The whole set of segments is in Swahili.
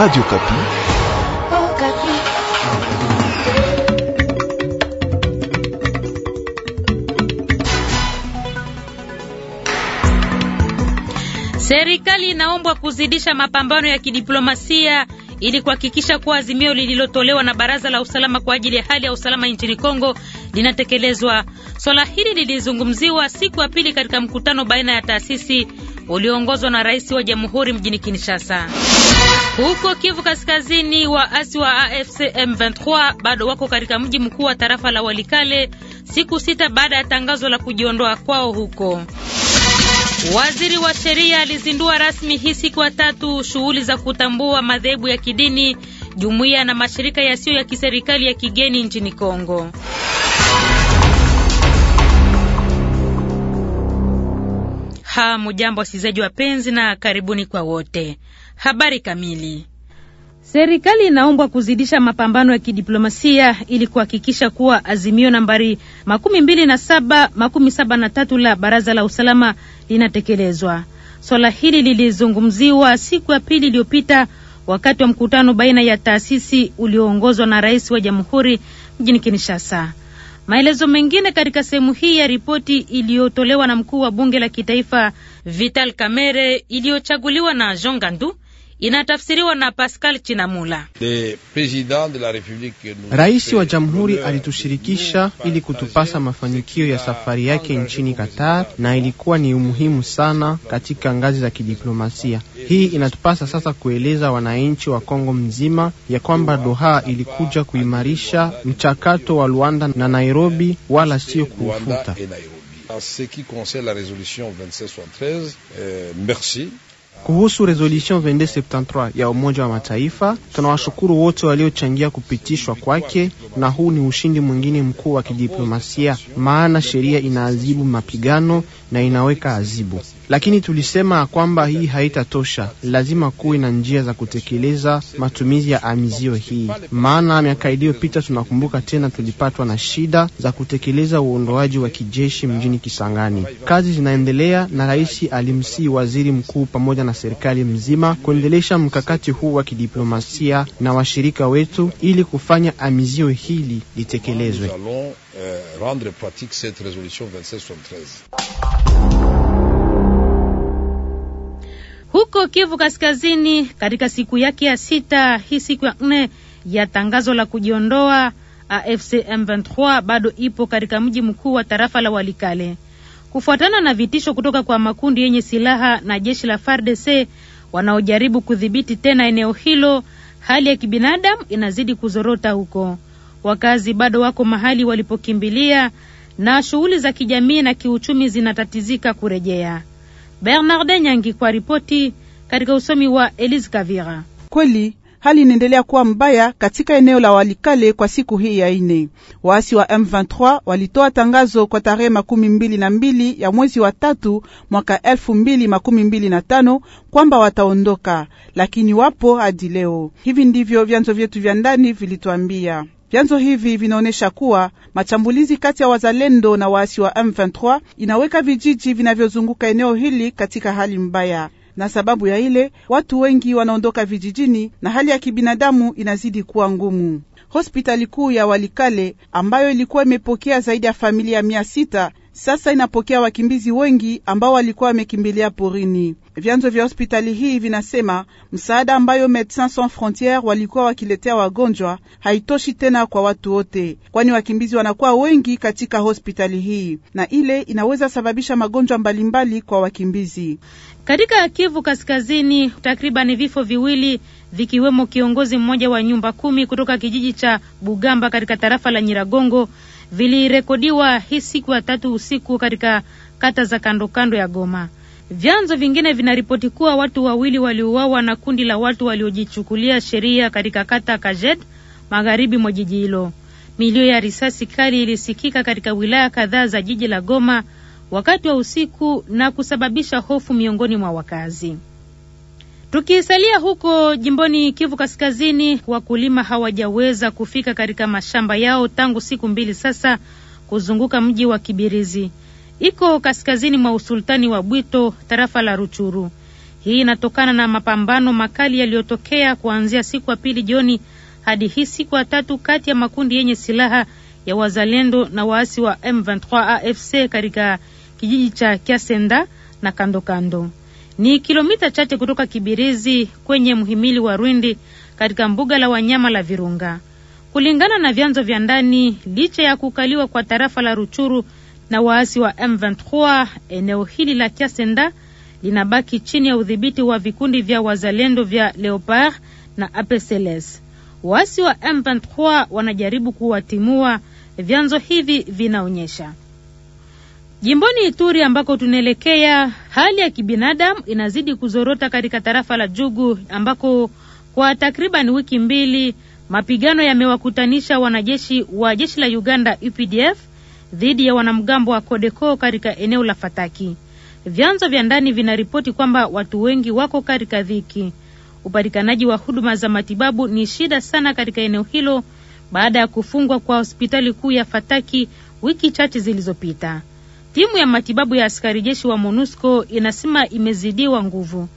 Radio Kapi. Oh, Kapi. Serikali inaombwa kuzidisha mapambano ya kidiplomasia ili kuhakikisha kuwa azimio lililotolewa na Baraza la Usalama kwa ajili ya hali ya usalama nchini Kongo linatekelezwa. Swala hili lilizungumziwa siku ya pili katika mkutano baina ya taasisi ulioongozwa na Rais wa Jamhuri mjini Kinshasa. Huko Kivu Kaskazini, waasi wa AFC M23 bado wako katika mji mkuu wa tarafa la Walikale siku sita baada ya tangazo la kujiondoa kwao huko. Waziri wa sheria alizindua rasmi hii siku ya tatu shughuli za kutambua madhehebu ya kidini, jumuiya na mashirika yasiyo ya kiserikali ya kigeni nchini Kongo. Hamujambo wasikilizaji wapenzi, na karibuni kwa wote. Habari kamili. Serikali inaombwa kuzidisha mapambano ya kidiplomasia ili kuhakikisha kuwa azimio nambari makumi mbili na saba makumi saba na tatu la Baraza la Usalama linatekelezwa. Swala hili lilizungumziwa siku ya pili iliyopita wakati wa mkutano baina ya taasisi ulioongozwa na rais wa jamhuri mjini Kinshasa. Maelezo mengine katika sehemu hii ya ripoti iliyotolewa na mkuu wa bunge la kitaifa Vital Kamere, iliyochaguliwa na Jean Gandu inatafsiriwa na Pascal Chinamula. Rais wa jamhuri alitushirikisha ili kutupasa mafanikio ya safari yake nchini Qatar, na ilikuwa ni umuhimu sana katika ngazi za kidiplomasia. Hii inatupasa sasa kueleza wananchi wa Kongo mzima ya kwamba Doha ilikuja kuimarisha mchakato wa Luanda na Nairobi, wala sio kuufuta. En ce qui concerne la résolution euh, merci kuhusu resolution 2273 ya Umoja wa Mataifa, tunawashukuru wote waliochangia kupitishwa kwake, na huu ni ushindi mwingine mkuu wa kidiplomasia, maana sheria inaadhibu mapigano na inaweka azibu lakini tulisema kwamba hii haitatosha, lazima kuwe na njia za kutekeleza matumizi ya amizio hii, maana miaka iliyopita tunakumbuka tena tulipatwa na shida za kutekeleza uondoaji wa kijeshi mjini Kisangani. Kazi zinaendelea na rais alimsii waziri mkuu pamoja na serikali mzima kuendelesha mkakati huu wa kidiplomasia na washirika wetu ili kufanya amizio hili litekelezwe. Huko Kivu Kaskazini, katika siku yake ya sita, hii siku ya nne ya tangazo la kujiondoa, AFC M23 bado ipo katika mji mkuu wa tarafa la Walikale kufuatana na vitisho kutoka kwa makundi yenye silaha na jeshi la FARDC wanaojaribu kudhibiti tena eneo hilo. Hali ya kibinadamu inazidi kuzorota huko, wakazi bado wako mahali walipokimbilia, na shughuli za kijamii na kiuchumi zinatatizika kurejea. Bernard Nyangi kwa ripoti katika usomi wa Elise Kavira. Kweli hali inaendelea kuwa mbaya katika eneo la Walikale kwa siku hii ya ine. Waasi wa M23 walitoa tangazo kwa tarehe makumi mbili na mbili ya mwezi wa tatu mwaka elfu mbili makumi mbili na tano kwamba wataondoka, lakini wapo hadi leo. Hivi ndivyo vyanzo vyetu vya ndani vilituambia. Vyanzo hivi vinaonyesha kuwa machambulizi kati ya wazalendo na waasi wa M23 inaweka vijiji vinavyozunguka eneo hili katika hali mbaya, na sababu ya ile watu wengi wanaondoka vijijini na hali ya kibinadamu inazidi kuwa ngumu. Hospitali kuu ya Walikale ambayo ilikuwa imepokea zaidi ya familia mia sita sasa inapokea wakimbizi wengi ambao walikuwa wamekimbilia porini. Vyanzo vya hospitali hii vinasema msaada ambayo Medecins Sans Frontieres walikuwa wakiletea wagonjwa haitoshi tena kwa watu wote, kwani wakimbizi wanakuwa wengi katika hospitali hii na ile inaweza sababisha magonjwa mbalimbali kwa wakimbizi. Katika Kivu Kaskazini, takriban vifo viwili vikiwemo kiongozi mmoja wa nyumba kumi kutoka kijiji cha Bugamba katika tarafa la Nyiragongo vilirekodiwa hii siku ya tatu usiku katika kata za kando kando ya Goma. Vyanzo vingine vinaripoti kuwa watu wawili waliuawa na kundi la watu waliojichukulia sheria katika kata kajed magharibi mwa jiji hilo. Milio ya risasi kali ilisikika katika wilaya kadhaa za jiji la Goma wakati wa usiku na kusababisha hofu miongoni mwa wakazi. Tukisalia huko jimboni Kivu Kaskazini, wakulima hawajaweza kufika katika mashamba yao tangu siku mbili sasa kuzunguka mji wa Kibirizi iko kaskazini mwa usultani wa Bwito, tarafa la Ruchuru. Hii inatokana na mapambano makali yaliyotokea kuanzia siku ya pili jioni hadi hii siku ya tatu kati ya makundi yenye silaha ya wazalendo na waasi wa M23 AFC katika kijiji cha Kiasenda na kandokando kando. Ni kilomita chache kutoka Kibirizi kwenye mhimili wa Rwindi katika mbuga la wanyama la Virunga. Kulingana na vyanzo vya ndani, licha ya kukaliwa kwa tarafa la Ruchuru na waasi wa M23, eneo hili la Kiasenda linabaki chini ya udhibiti wa vikundi vya wazalendo vya Leopard na APCLS. Waasi wa M23 wanajaribu kuwatimua, vyanzo hivi vinaonyesha. Jimboni Ituri ambako tunaelekea, hali ya kibinadamu inazidi kuzorota katika tarafa la Jugu ambako kwa takriban wiki mbili mapigano yamewakutanisha wanajeshi wa jeshi la Uganda UPDF dhidi ya wanamgambo wa kodeko katika eneo la Fataki. Vyanzo vya ndani vinaripoti kwamba watu wengi wako katika dhiki. Upatikanaji wa huduma za matibabu ni shida sana katika eneo hilo baada ya kufungwa kwa hospitali kuu ya Fataki wiki chache zilizopita. Timu ya matibabu ya askari jeshi wa MONUSCO inasema imezidiwa nguvu.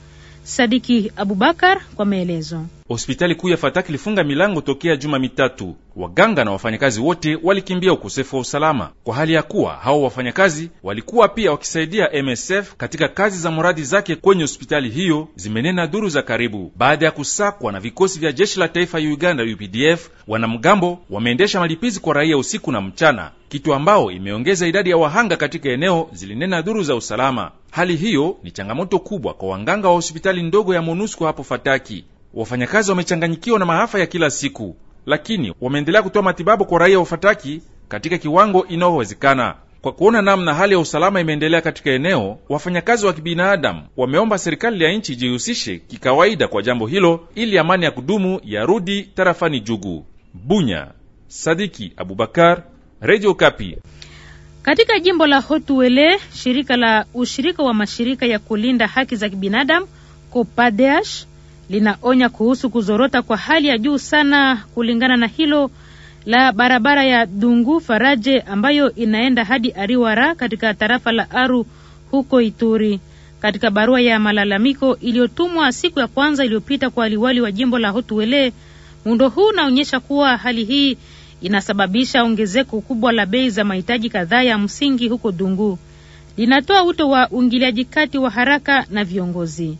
Sadiki Abubakar kwa maelezo. Hospitali kuu ya Fataki ilifunga milango tokea juma mitatu. Waganga na wafanyakazi wote walikimbia ukosefu wa usalama, kwa hali ya kuwa hao wafanyakazi walikuwa pia wakisaidia MSF katika kazi za mradi zake kwenye hospitali hiyo, zimenena duru za karibu. Baada ya kusakwa na vikosi vya jeshi la taifa ya Uganda UPDF, wanamgambo wameendesha malipizi kwa raia usiku na mchana, kitu ambao imeongeza idadi ya wahanga katika eneo, zilinena duru za usalama. Hali hiyo ni changamoto kubwa kwa wanganga wa hospitali ndogo ya MONUSCO hapo Fataki. Wafanyakazi wamechanganyikiwa na maafa ya kila siku, lakini wameendelea kutoa matibabu kwa raia wafataki katika kiwango inayowezekana. Kwa kuona namna hali ya usalama imeendelea katika eneo, wafanyakazi wa kibinadamu wameomba serikali ya nchi ijihusishe kikawaida kwa jambo hilo ili amani ya kudumu yarudi tarafani Jugu. Bunya, Sadiki Abubakar, Radio Kapi. Katika jimbo la Hotuele, shirika la ushirika wa mashirika ya kulinda haki za kibinadamu Kopadeash linaonya kuhusu kuzorota kwa hali ya juu sana kulingana na hilo la barabara ya Dungu Faraje ambayo inaenda hadi Ariwara katika tarafa la Aru huko Ituri. Katika barua ya malalamiko iliyotumwa siku ya kwanza iliyopita kwa aliwali wa jimbo la Hotuele, muundo huu unaonyesha kuwa hali hii inasababisha ongezeko kubwa la bei za mahitaji kadhaa ya msingi huko Dungu. Linatoa wito wa uingiliaji kati wa haraka na viongozi.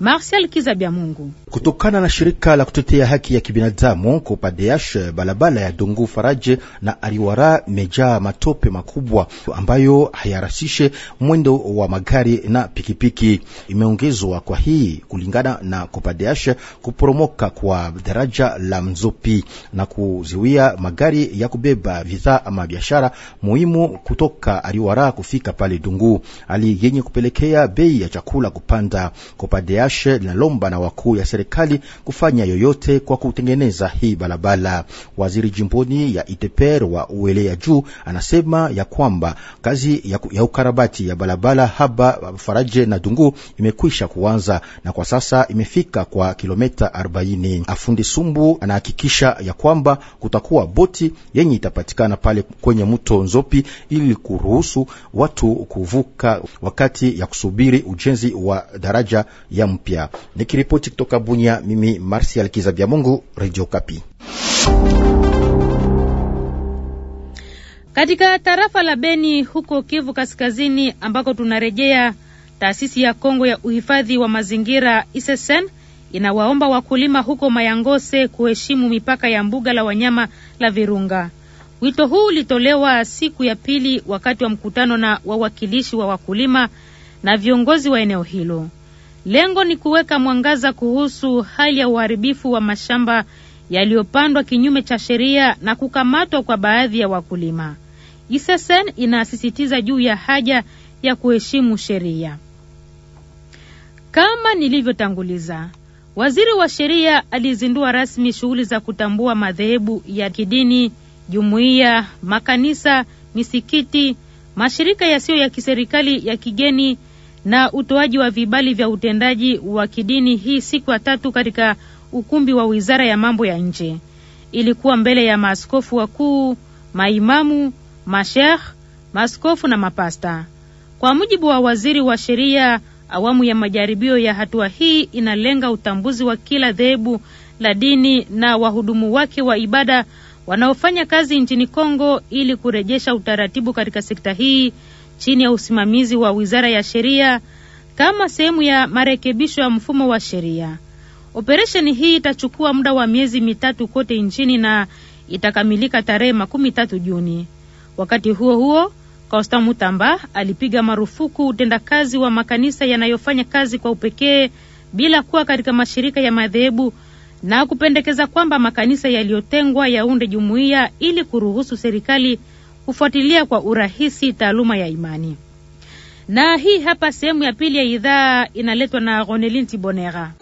Marcel Kizabia Mungu kutokana na shirika la kutetea haki ya kibinadamu Kopadeash, balabala ya Dongo Faraje na Ariwara mejaa matope makubwa ambayo hayarasishe mwendo wa magari na pikipiki. Imeongezwa kwa hii kulingana na Kopadeash kuporomoka kwa daraja la Mzopi na kuziwia magari ya kubeba bidhaa ama biashara muhimu kutoka Ariwara kufika pale Dungu, hali yenye kupelekea bei ya chakula kupanda Kopadeash PNH linalomba na wakuu ya serikali kufanya yoyote kwa kutengeneza hii barabara. Waziri jimboni ya Iteper wa uelea juu anasema ya kwamba kazi ya, ya ukarabati ya barabara haba Faraje na Dungu imekwisha kuanza na kwa sasa imefika kwa kilomita 40. Afundi Sumbu anahakikisha ya kwamba kutakuwa boti yenye itapatikana pale kwenye mto Nzopi ili kuruhusu watu kuvuka wakati ya kusubiri ujenzi wa daraja ya mpya. Nikiripoti kutoka Bunya, mimi Marsial Kizabia Mungu, Radio Kapi. Katika tarafa la Beni huko Kivu Kaskazini, ambako tunarejea, taasisi ya Kongo ya uhifadhi wa mazingira ISSN inawaomba wakulima huko Mayangose kuheshimu mipaka ya mbuga la wanyama la Virunga. Wito huu ulitolewa siku ya pili wakati wa mkutano na wawakilishi wa wakulima na viongozi wa eneo hilo. Lengo ni kuweka mwangaza kuhusu hali ya uharibifu wa mashamba yaliyopandwa kinyume cha sheria na kukamatwa kwa baadhi ya wakulima. Isesen inasisitiza juu ya haja ya kuheshimu sheria. Kama nilivyotanguliza, waziri wa sheria alizindua rasmi shughuli za kutambua madhehebu ya kidini, jumuiya, makanisa, misikiti, mashirika yasiyo ya kiserikali ya kigeni na utoaji wa vibali vya utendaji wa kidini hii siku ya tatu katika ukumbi wa Wizara ya Mambo ya Nje. Ilikuwa mbele ya maaskofu wakuu, maimamu, mashekh, maaskofu na mapasta. Kwa mujibu wa waziri wa sheria, awamu ya majaribio ya hatua hii inalenga utambuzi wa kila dhehebu la dini na wahudumu wake wa ibada wanaofanya kazi nchini Kongo ili kurejesha utaratibu katika sekta hii chini ya usimamizi wa Wizara ya Sheria kama sehemu ya marekebisho ya mfumo wa sheria. Operesheni hii itachukua muda wa miezi mitatu kote nchini na itakamilika tarehe makumi tatu Juni. Wakati huo huo, Kosta Mutamba alipiga marufuku utendakazi wa makanisa yanayofanya kazi kwa upekee bila kuwa katika mashirika ya madhehebu na kupendekeza kwamba makanisa yaliyotengwa yaunde jumuiya ili kuruhusu serikali kufuatilia kwa urahisi taaluma ya imani. Na hii hapa sehemu ya pili ya idhaa inaletwa na Ronelin Tibonera.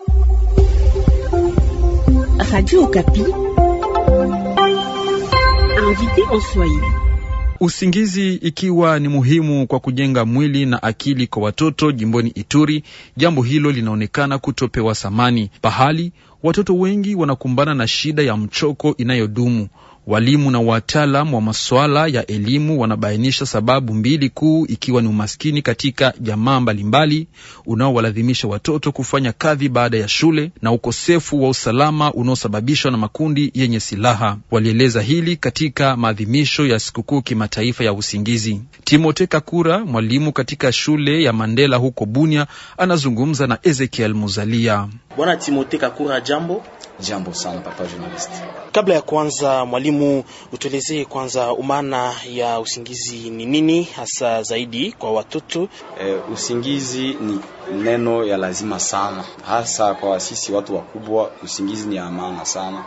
Usingizi ikiwa ni muhimu kwa kujenga mwili na akili kwa watoto jimboni Ituri, jambo hilo linaonekana kutopewa thamani. Pahali watoto wengi wanakumbana na shida ya mchoko inayodumu. Walimu na wataalam wa masuala ya elimu wanabainisha sababu mbili kuu, ikiwa ni umaskini katika jamaa mbalimbali unaowalazimisha watoto kufanya kazi baada ya shule na ukosefu wa usalama unaosababishwa na makundi yenye silaha. Walieleza hili katika maadhimisho ya sikukuu kimataifa ya usingizi. Timote Kakura, mwalimu katika shule ya Mandela huko Bunia, anazungumza na Ezekiel Muzalia. Bwana Timote Kakura, jambo. Jambo sana papa journalist. Kabla ya kuanza, mwalimu, utuelezee kwanza umana ya usingizi ni nini hasa zaidi kwa watoto? E, usingizi ni neno ya lazima sana, hasa kwa sisi watu wakubwa. Usingizi ni amana sana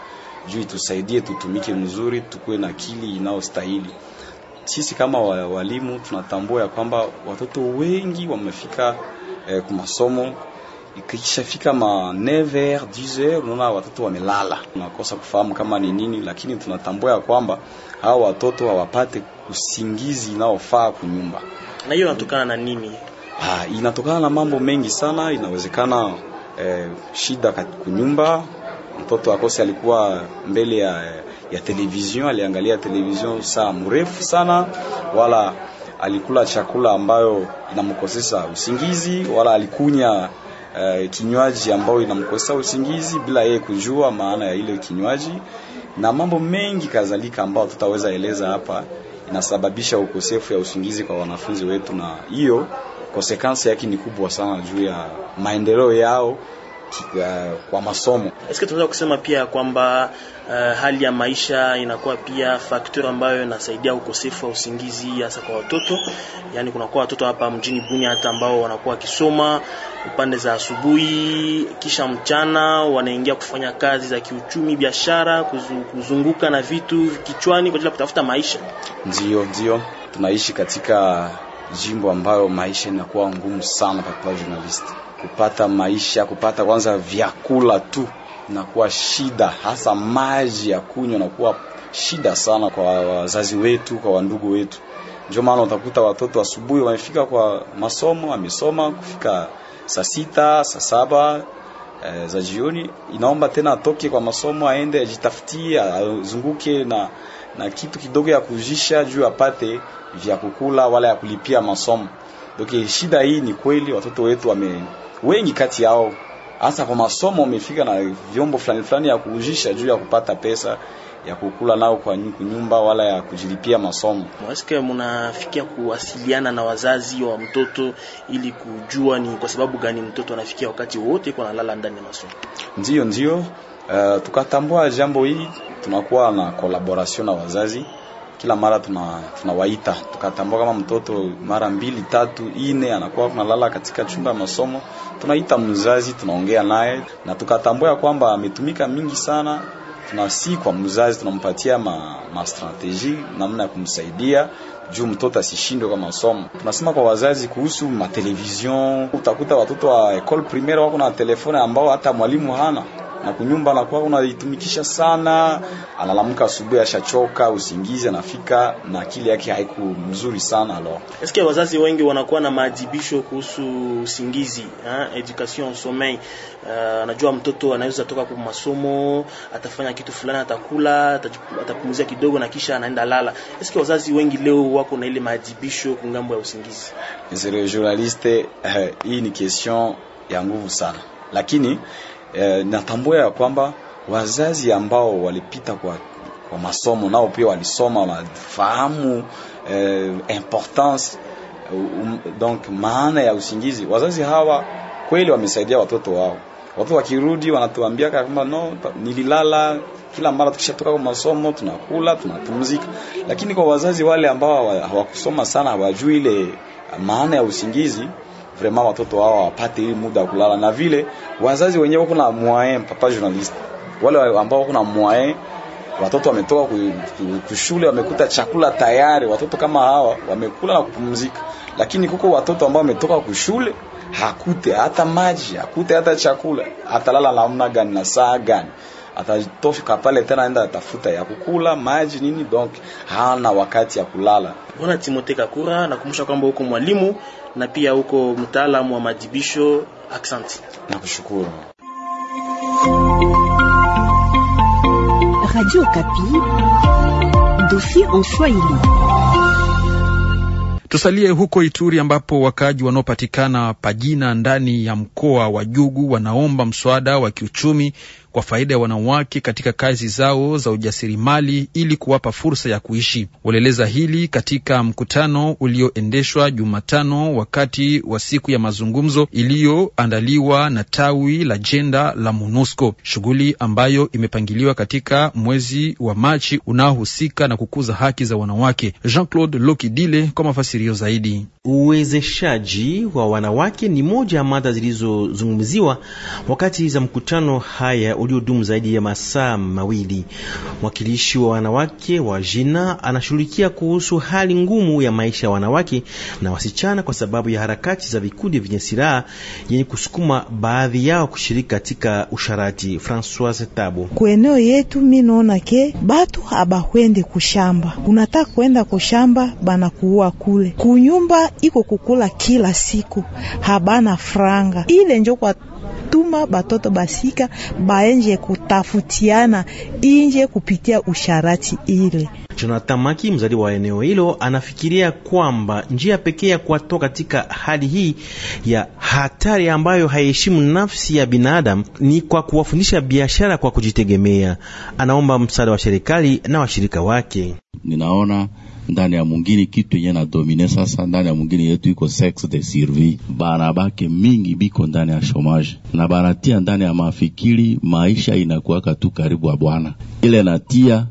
juu itusaidie tutumike mzuri, tukuwe na akili inayostahili. Sisi kama walimu tunatambua ya kwamba watoto wengi wamefika e, eh, kwa masomo Ikishafika ma 9h 10h unaona watoto wamelala, tunakosa kufahamu kama ni nini, lakini tunatambua ya kwamba hao watoto hawapate usingizi inaofaa kunyumba. Na hiyo inatokana na nini? Ha, inatokana na mambo mengi sana. Inawezekana eh, shida kunyumba, mtoto akose alikuwa mbele ya, ya television, aliangalia television saa mrefu sana, wala alikula chakula ambayo inamkosesa usingizi, wala alikunya uh, kinywaji ambayo inamkosa usingizi bila yeye kujua maana ya ile kinywaji na mambo mengi kadhalika ambayo tutaweza eleza hapa, inasababisha ukosefu ya usingizi kwa wanafunzi wetu, na hiyo konsekansi yake ni kubwa sana juu ya maendeleo yao katika kwa masomo. Eske tunaweza kusema pia kwamba uh, hali ya maisha inakuwa pia faktori ambayo inasaidia ukosefu wa usingizi hasa kwa watoto. Yaani kunakuwa watoto hapa mjini Bunia hata ambao wanakuwa wakisoma upande za asubuhi kisha mchana wanaingia kufanya kazi za kiuchumi, biashara, kuzunguka na vitu kichwani kwa ajili ya kutafuta maisha. Ndio, ndio. Tunaishi katika jimbo ambayo maisha inakuwa ngumu sana kwa journalist kupata maisha, kupata kwanza vyakula tu nakuwa shida, hasa maji ya kunywa nakuwa shida sana kwa wazazi wetu, kwa wandugu wetu. Ndio maana utakuta watoto asubuhi wamefika kwa masomo, amesoma kufika saa sita, saa saba e, za jioni, inaomba tena atoke kwa masomo aende ajitafutie, azunguke na na kitu kidogo ya kujisha juu apate vya kukula wala ya kulipia masomo. Doki shida hii ni kweli, watoto wetu wame wengi kati yao hasa kwa masomo wamefika na vyombo fulani fulani ya kuujisha juu ya kupata pesa ya kukula nao kwa nyumba wala ya kujilipia masomo. Mwasikia mnafikia kuwasiliana na wazazi wa mtoto ili kujua ni kwa sababu gani mtoto anafikia wakati wote kwa nalala ndani ya masomo? Ndio, ndio. Uh, tukatambua jambo hii, tunakuwa na collaboration na wazazi kila mara tunawaita tuna tukatambua kama mtoto mara mbili tatu ine anakuwa kunalala katika chumba ya masomo, tunaita mzazi, tunaongea naye na tukatambua kwamba ametumika mingi sana. Tunasi kwa mzazi tunampatia ma, ma strategie namna ya kumsaidia juu mtoto asishindwe kwa masomo. Tunasema kwa wazazi kuhusu matelevizion, utakuta watoto wa ecole primaire wako na telefone ambao hata mwalimu hana na kunyumba la kwao unaitumikisha sana, analamka asubuhi ashachoka usingizi, anafika na akili yake haiku mzuri sana. Alors eske wazazi wengi wanakuwa na maadhibisho kuhusu usingizi, eh, education sommeil. Uh, anajua mtoto anaweza toka kwa masomo, atafanya kitu fulani, atakula, atapumzia kidogo na kisha anaenda lala. Eske wazazi wengi leo wako na ile maadhibisho kungambo ya usingizi? Monsieur le journaliste, eh, hii ni question ya nguvu sana lakini eh, natambua ya kwamba wazazi ambao walipita kwa, kwa masomo nao pia walisoma wafahamu eh, importance um, donc maana ya usingizi. Wazazi hawa kweli wamesaidia watoto wao. Watoto wakirudi wanatuambia kwamba no, nililala kila mara tukishatoka kwa masomo tunakula tunapumzika. Lakini kwa wazazi wale ambao hawakusoma sana, hawajui ile maana ya usingizi vraiment watoto hawa wapate hii muda wa kulala, na vile wazazi wenyewe wako na moyen, papa journalist, wale ambao wako na moyen watoto wametoka kushule wamekuta chakula tayari, watoto kama hawa wamekula na kupumzika, lakini kuko watoto ambao wametoka kushule hakute hata maji, hakute hata chakula, atalala namna gani na saa gani? Atatofika pale tena aenda atafuta ya kukula maji nini, donc hana wakati ya kulala. Bwana Timote Kakura, nakumbusha kwamba huko mwalimu na pia uko mtaalamu wa madibisho. Aksanti, nakushukuru. Radio Kapi, dofi en Swahili. Tusalie huko Ituri ambapo wakaaji wanaopatikana Pajina ndani ya mkoa wa Jugu wanaomba mswada wa kiuchumi kwa faida ya wanawake katika kazi zao za ujasiriamali ili kuwapa fursa ya kuishi. Walieleza hili katika mkutano ulioendeshwa Jumatano wakati wa siku ya mazungumzo iliyoandaliwa na tawi la jenda la MONUSCO, shughuli ambayo imepangiliwa katika mwezi wa Machi unaohusika na kukuza haki za wanawake. Jean-Claude Lokidile kwa mafasirio zaidi. Uwezeshaji wa wanawake ni moja ya mada zilizozungumziwa wakati za mkutano haya uliodumu zaidi ya masaa mawili. Mwakilishi wa wanawake wa jina anashughulikia kuhusu hali ngumu ya maisha ya wanawake na wasichana kwa sababu ya harakati za vikundi vyenye silaha yenye kusukuma baadhi yao kushiriki katika usharati. Francois Tabo: ku eneo yetu mi naona ke batu habakwende kushamba, unataka kwenda kushamba banakuua kule kunyumba iko kukula kila siku habana franga ile njokwa kama batoto basika baenje kutafutiana inje kupitia usharati ile. Jonathan Maki, mzali wa eneo hilo, anafikiria kwamba njia pekee ya kuwatoa katika hali hii ya hatari ambayo haiheshimu nafsi ya binadamu ni kwa kuwafundisha biashara kwa kujitegemea. Anaomba msaada wa serikali na washirika wake. Ninaona ndani ya mwingine kitu yenye na domine sasa, ndani ya mwingine yetu iko sex de survie, bake mingi biko ndani ya shomaji na banatia ndani ya mafikiri, maisha inakuwaka tu karibu ya Bwana ile natia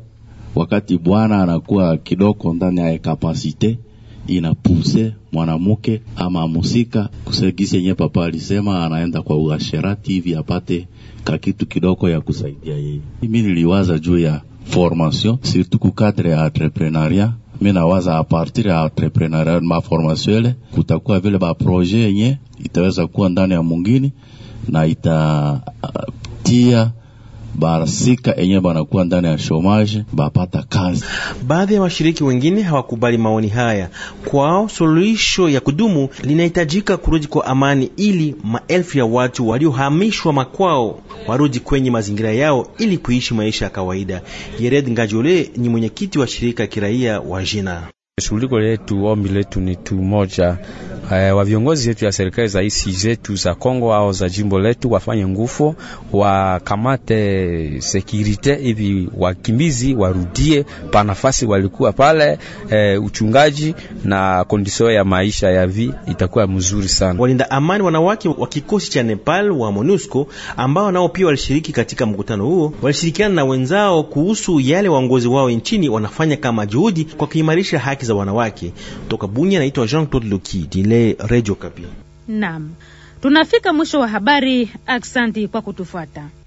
wakati Bwana anakuwa kidoko ndani ya kapasite inapuse mwanamuke ama amusika kusegisi yenye papa alisema anaenda kwa uasherati hivi apate kakitu kidogo ya kusaidia yeye. Mimi niliwaza juu ya formation ku kadre ya entrepreneuria. Mi nawaza apartiri ya entrepreneuria maformasio ile kutakuwa vile baproje yenye itaweza kuwa ndani ya mungini na itatia uh, barasika enye banakuwa ndani ya shomaje bapata kazi. Baadhi ya washiriki wengine hawakubali maoni haya. Kwao suluhisho ya kudumu linahitajika kurudi kwa amani, ili maelfu ya watu waliohamishwa makwao warudi kwenye mazingira yao ili kuishi maisha ya kawaida. Yered Ngajole ni mwenyekiti wa shirika kiraia wa Jina. Shughuli letu ombi letu ni tu moja, e, wa viongozi wetu ya serikali za isi zetu za Kongo au za jimbo letu wafanye ngufu wakamate sekirite hivi wakimbizi warudie pa nafasi walikuwa pale, e, uchungaji na kondisio ya maisha ya vi itakuwa mzuri sana. Walinda amani wanawake wa kikosi cha Nepal wa MONUSCO ambao nao pia walishiriki katika mkutano huo, walishirikiana na wenzao kuhusu yale waongozi wao nchini wanafanya kama juhudi kwa kuimarisha haki haki za wanawake toka Bunia. Naitwa Jean Claude Lokidi Dile, Radio Kapi. Naam, tunafika mwisho wa habari. Aksanti kwa kutufuata.